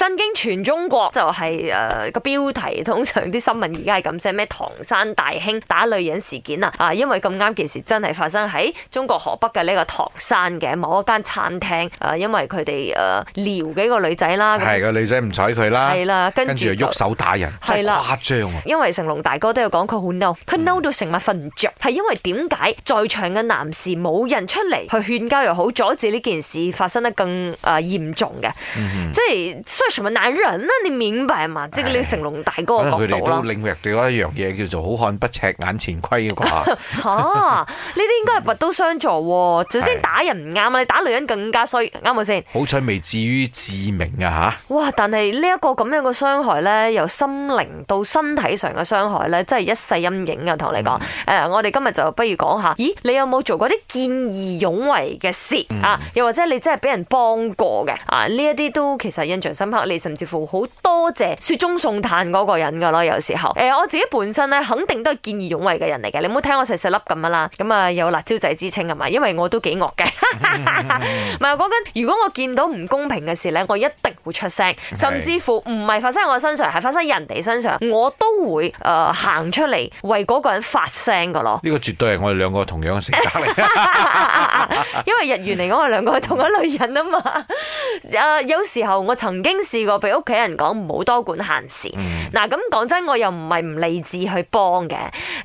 震驚全中國就係誒個標題，通常啲新聞而家係咁寫咩？唐山大興打女人事件啊！啊，因為咁啱件事真係發生喺中國河北嘅呢個唐山嘅某一間餐廳。啊，因為佢哋誒撩幾個女仔啦，係個女仔唔睬佢啦，係啦，跟住又喐手打人，係啦誇張啊！因為成龍大哥都有講佢好嬲，佢嬲到成晚瞓唔着，係、嗯、因為點解在場嘅男士冇人出嚟，去勸交又好，阻止呢件事發生得更誒嚴重嘅？嗯嗯即係。什麼男人啊，你明白嘛？是即係你成龍大哥嘅角度，佢哋都領略到一樣嘢，叫做好漢不吃眼前虧嘅啩。哦、 啊，呢啲應該係拔刀相助。首、嗯、先打人唔啱啊，是你打女人更加衰，啱唔啱先？好彩未至於致命啊吓！哇！但係呢一個咁樣嘅傷害咧，由心靈到身體上嘅傷害咧，真係一世陰影、嗯、啊！同你講，誒，我哋今日就不如講下，咦，你有冇做過啲見義勇為嘅事、嗯、啊？又或者你真係俾人幫過嘅啊？呢一啲都其實印象深刻。你甚至乎好多謝雪中送炭嗰個人噶咯，有時候誒、欸，我自己本身咧，肯定都係見義勇為嘅人嚟嘅。你唔好睇我細細粒咁啊啦，咁啊有辣椒仔之稱係嘛？因為我都幾惡嘅，唔係講緊，如果我見到唔公平嘅事咧，我一定會出聲，甚至乎唔係發生喺我的身上，係發生人哋身上，我都會誒行、呃、出嚟為嗰個人發聲噶咯。呢個絕對係我哋兩個同樣嘅性格嚟， 因為日元嚟講，我哋兩個係同一類人啊嘛。誒， 有時候我曾經，試過俾屋企人講唔好多管閒事。嗱、嗯，咁講真，我又唔係唔理智去幫嘅。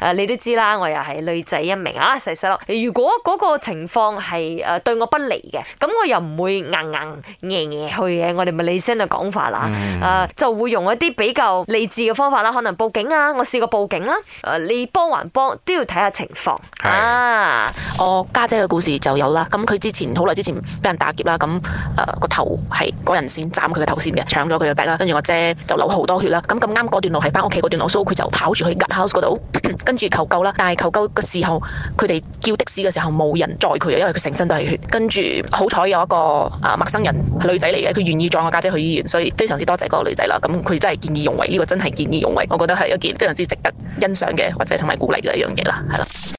誒，你都知啦，我又係女仔一名啊，細細粒。如果嗰個情況係誒對我不利嘅，咁我又唔會硬硬硬硬去嘅。我哋咪理性嘅講法啦。誒、嗯啊，就會用一啲比較理智嘅方法啦，可能報警啊，我試過報警啦。誒，你幫還幫都要睇下情況。係啊，我家姐嘅故事就有啦。咁佢之前好耐之前俾人打劫啦，咁誒個頭係嗰人先斬佢嘅頭先。搶咗佢個袋啦，跟住我姐就流好多血啦。咁咁啱嗰段路係翻屋企嗰段路，所以佢就跑住去吉 House 嗰度，跟住求救啦。但係求救嘅時候，佢哋叫的士嘅時候冇人載佢啊，因為佢成身都係血。跟住好彩有一個啊陌生人，女仔嚟嘅，佢願意載我家姐，姐去醫院，所以非常之多謝嗰個女仔啦。咁佢真係見義勇為，呢、這個真係見義勇為，我覺得係一件非常之值得欣賞嘅或者同埋鼓勵嘅一樣嘢啦，係啦。